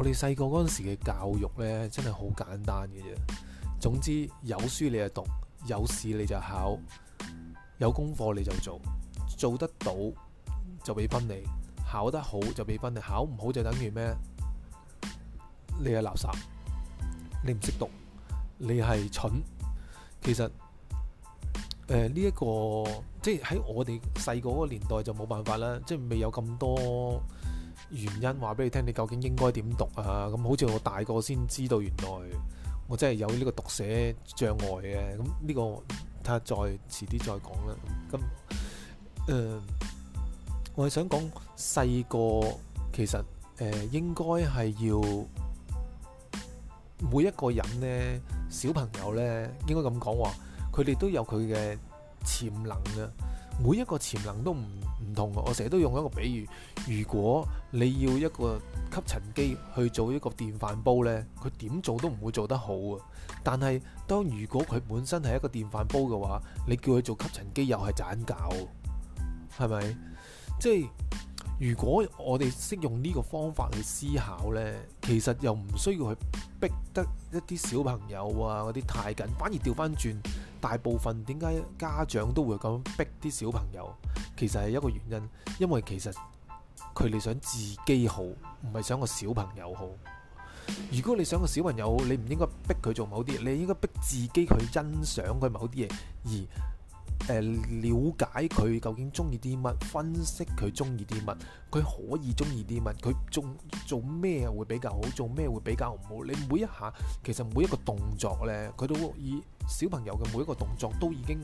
我哋細個嗰陣時嘅教育呢，真係好簡單嘅啫。總之有書你就讀，有試你就考，有功課你就做，做得到就俾分你，考得好就俾分你，考唔好就等於咩？你係垃圾，你唔識讀，你係蠢。其實呢一、呃呢個即係喺我哋細個嗰個年代就冇辦法啦，即係未有咁多。原因話俾你聽，你究竟應該點讀啊？咁好似我大個先知道，原來我真係有呢個讀寫障礙嘅。咁呢個睇下再遲啲再講啦。咁誒、呃，我係想講細個其實誒、呃、應該係要每一個人呢，小朋友呢，應該咁講話，佢哋都有佢嘅潛能嘅。每一個潛能都唔唔同嘅，我成日都用一個比喻，如果你要一個吸塵機去做一個電飯煲呢，佢點做都唔會做得好啊！但係當如果佢本身係一個電飯煲嘅話，你叫佢做吸塵機又係盞搞，係咪？即係。如果我哋識用呢個方法去思考呢，其實又唔需要去逼得一啲小朋友啊嗰啲太緊，反而掉返轉，大部分點解家長都會咁逼啲小朋友，其實係一個原因，因為其實佢哋想自己好，唔係想個小朋友好。如果你想個小朋友好，你唔應該逼佢做某啲嘢，你應該逼自己去欣賞佢某啲嘢而。呃、了解佢究竟中意啲乜，分析佢中意啲乜，佢可以中意啲乜，佢做做咩會比較好，做咩會比較唔好。你每一下其實每一個動作呢，佢都以小朋友嘅每一個動作都已經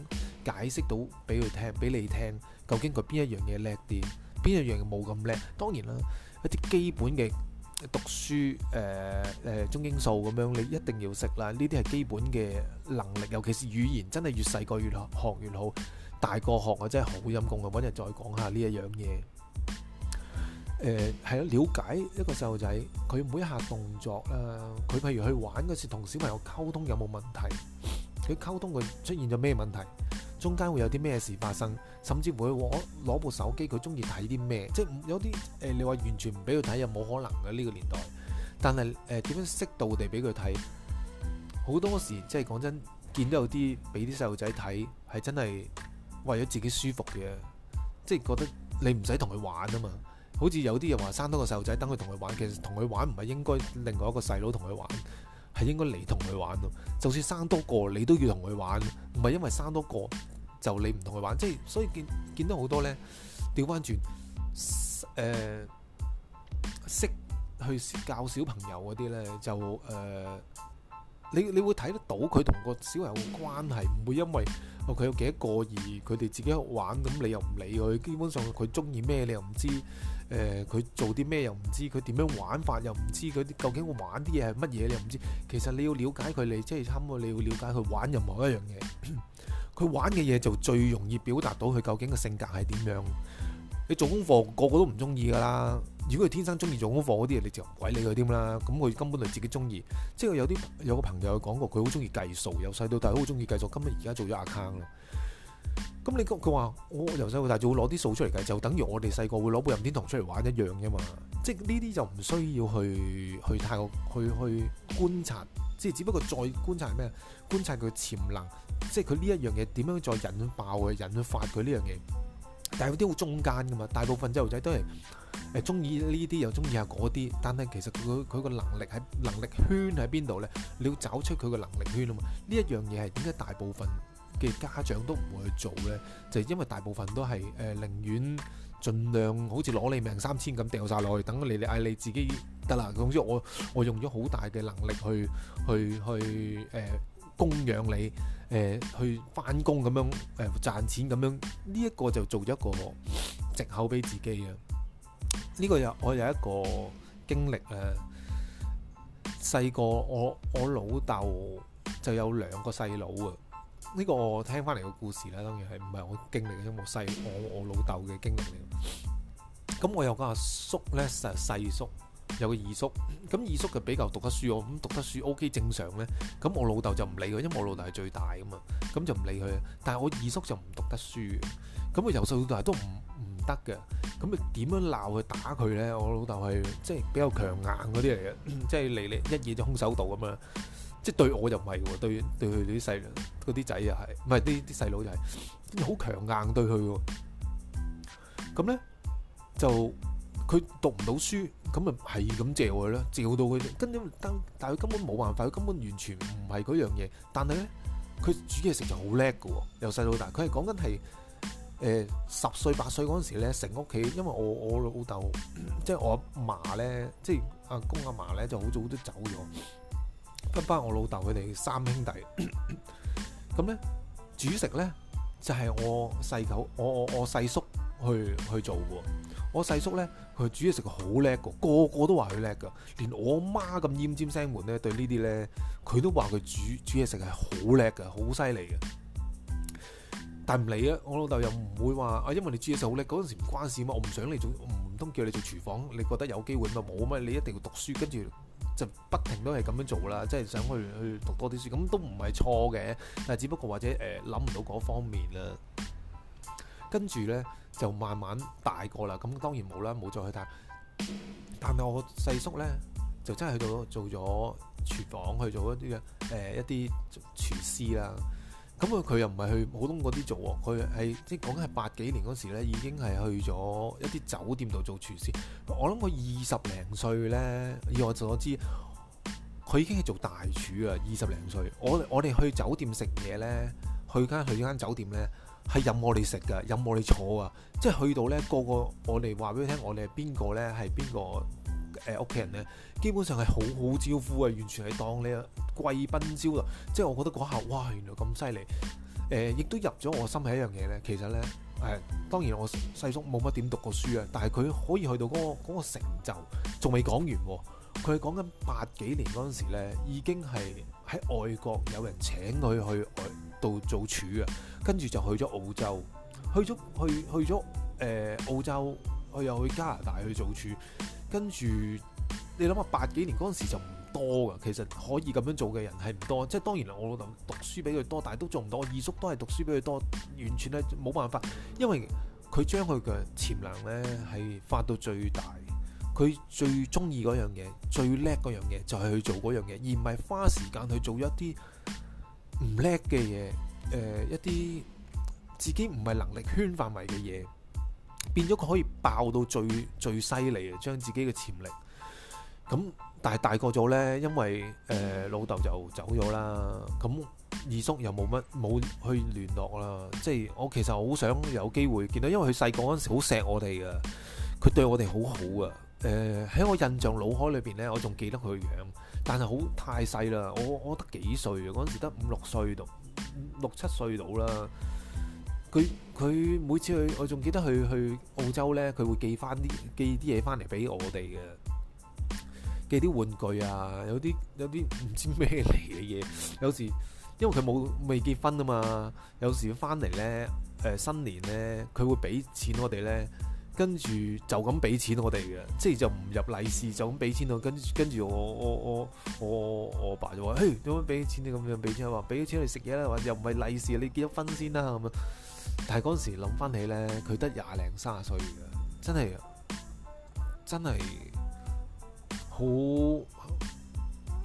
解釋到俾佢聽，俾你聽，究竟佢邊一樣嘢叻啲，邊一樣嘢冇咁叻。當然啦，一啲基本嘅。讀書誒誒，中英數咁樣，你一定要識啦！呢啲係基本嘅能力，尤其是語言，真係越細個越學學越好。大個學我真係好陰功啊！揾日再講下呢一樣嘢。誒係咯，瞭解一個細路仔，佢每一下動作啦，佢譬如去玩嗰時，同小朋友溝通有冇問題？佢溝通佢出現咗咩問題？中間會有啲咩事發生，甚至會攞攞部手機，佢中意睇啲咩，即係有啲誒、呃，你話完全唔俾佢睇又冇可能嘅呢個年代。但係誒點樣適度地俾佢睇，好多時即係講真，見到有啲俾啲細路仔睇係真係為咗自己舒服嘅，即係覺得你唔使同佢玩啊嘛。好似有啲人話生多個細路仔等佢同佢玩，其實同佢玩唔係應該另外一個細佬同佢玩。係應該你同佢玩咯，就算生多個，你都要同佢玩，唔係因為生多個就你唔同佢玩，即係所以見見到好多呢，調翻轉誒識去教小朋友嗰啲呢，就誒。呃你你會睇得到佢同個小朋友嘅關係，唔會因為哦佢有幾多個而佢哋自己玩咁，你又唔理佢。基本上佢中意咩，你又唔知。誒，佢做啲咩又唔知，佢點樣玩法又唔知，佢究竟會玩啲嘢係乜嘢你又唔知。其實你要了解佢，你即係差唔多你要了解佢玩任何一樣嘢。佢玩嘅嘢就最容易表達到佢究竟個性格係點樣。你做功課個個都唔中意㗎啦。如果佢天生中意做嗰個嗰啲嘢，你就唔鬼理佢啲啦。咁佢根本就自己中意。即係有啲有個朋友講過，佢好中意計數，由細到大好中意計數。今日而家做咗 account 啦。咁你佢佢話我由細到大就會攞啲數出嚟計，就等於我哋細個會攞部任天堂出嚟玩一樣啫嘛。即係呢啲就唔需要去去太過去去觀察，即係只不過再觀察係咩？觀察佢潛能，即係佢呢一樣嘢點樣再引爆佢、引發佢呢樣嘢。但係有啲好中間噶嘛，大部分細路仔都係誒，中意呢啲又中意下嗰啲，但係其實佢佢個能力喺能力圈喺邊度呢？你要找出佢個能力圈啊嘛！呢一樣嘢係點解大部分嘅家長都唔會去做呢？就係、是、因為大部分都係誒、呃，寧願盡量好似攞你命三千咁掉晒落去，等你你嗌你自己得啦。總之我我用咗好大嘅能力去去去誒。呃供養你，誒、呃、去翻工咁樣，誒、呃、賺錢咁樣，呢、這、一個就做咗一個藉口俾自己啊！呢、這個有我有一個經歷啊，細個我我老豆就有兩個細佬啊。呢、這個我聽翻嚟個故事咧，當然係唔係我經歷嘅，因為我細我我老豆嘅經歷嚟。咁、啊、我有個阿叔咧，就係細叔。有個二叔咁，二叔就比較讀得書。我咁讀得書 OK 正常咧。咁我老豆就唔理佢，因為我老豆係最大噶嘛，咁就唔理佢。但係我二叔就唔讀得書。咁佢由細到大都唔唔得嘅。咁咪點樣鬧佢打佢咧？我老豆係即係比較強硬嗰啲嚟嘅，即係嚟嚟一嘢就空手道咁樣。即係對我又唔係喎，對對佢啲細嗰啲仔又係唔係啲啲細佬就係好強硬對佢喎。咁咧就佢讀唔到書。咁咪係咁借佢啦，照到佢，跟住但但佢根本冇辦法，佢根本完全唔係嗰樣嘢。但係咧，佢煮嘢食就好叻嘅。由細到大，佢係講緊係誒十歲八歲嗰陣時咧，成屋企，因為我我老豆即係我阿嫲咧，即係阿公阿嫲咧，就好早都走咗，得返我老豆佢哋三兄弟，咁咧煮食咧就係、是、我細舅，我我我細叔去去做嘅。我細叔呢，佢煮嘢食好叻個，個個都話佢叻㗎，連我媽咁奄尖聲門呢，對呢啲呢，佢都話佢煮煮嘢食係好叻㗎，好犀利嘅。但唔理啊，我老豆又唔會話啊，因為你煮嘢食好叻，嗰陣時唔關事嘛，我唔想你做，唔通叫你做廚房？你覺得有機會咪冇咩？你一定要讀書，跟住就不停都係咁樣做啦，即係想去去讀多啲書，咁都唔係錯嘅，但係只不過或者誒諗唔到嗰方面啦。跟住呢。就慢慢大個啦，咁當然冇啦，冇再去睇。但係我細叔呢，就真係去到做咗廚房，去做一啲嘅誒一啲廚師啦。咁啊，佢又唔係去普通嗰啲做，佢係即係講緊係八幾年嗰時呢，已經係去咗一啲酒店度做廚師。我諗佢二十零歲呢，以我所知，佢已經係做大廚啊！二十零歲，我我哋去酒店食嘢呢，去間去呢間酒店呢。係任我哋食㗎，任我哋坐啊！即係去到呢個個我哋話俾你聽，我哋係邊個呢？係邊個誒屋企人呢？基本上係好好招呼啊！完全係當你呀貴賓招啊！即係我覺得嗰下，哇！原來咁犀利誒，亦、呃、都入咗我心係一樣嘢呢。其實呢，誒、呃，當然我細叔冇乜點讀過書啊，但係佢可以去到嗰、嗰個嗰個成就，仲未講完喎、哦。佢講緊八幾年嗰陣時咧，已經係喺外國有人請佢去。度做處啊，跟住就去咗澳洲，去咗去去咗誒、呃、澳洲，佢又去加拿大去做處，跟住你諗下八幾年嗰陣時就唔多噶，其實可以咁樣做嘅人係唔多，即係當然啦。我老豆讀書比佢多，但係都做唔到。我二叔都係讀書比佢多，完全咧冇辦法，因為佢將佢嘅潛能呢係發到最大。佢最中意嗰樣嘢，最叻嗰樣嘢就係、是、去做嗰樣嘢，而唔係花時間去做一啲。唔叻嘅嘢，誒、呃、一啲自己唔係能力圈範圍嘅嘢，變咗佢可以爆到最最犀利，將自己嘅潛力。咁但係大個咗呢，因為誒老豆就走咗啦，咁二叔又冇乜冇去聯絡啦。即係我其實好想有機會見到，因為佢細個嗰陣時好錫我哋㗎，佢對我哋好好、啊、㗎。誒，喺我印象腦海裏邊咧，我仲記得佢樣，但係好太細啦，我我得幾歲？嗰陣時得五六歲到，六七歲到啦。佢佢每次去，我仲記得佢去澳洲咧，佢會寄翻啲寄啲嘢翻嚟俾我哋嘅，寄啲玩具啊，有啲有啲唔知咩嚟嘅嘢。有時因為佢冇未結婚啊嘛，有時翻嚟咧，誒新年咧，佢會俾錢我哋咧。跟住就咁俾錢我哋嘅，即係就唔入利是就咁俾錢我，我。跟住跟住我我我我我爸就話：嘿，點解俾錢你咁樣俾錢？話俾咗錢，錢你食嘢啦，或者又唔係利是，你結咗婚先啦咁啊！但係嗰陣時諗翻起咧，佢得廿零三十歲嘅，真係真係好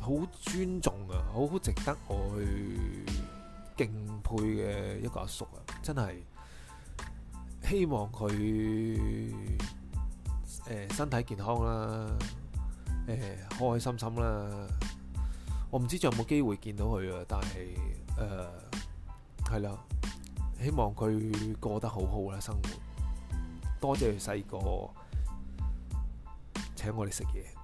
好尊重啊，好好值得我去敬佩嘅一個阿叔啊，真係。希望佢誒、呃、身體健康啦，誒、呃、開開心心啦。我唔知仲有冇機會見到佢啊，但係誒係啦，希望佢過得好好啦，生活。多謝佢細個請我哋食嘢。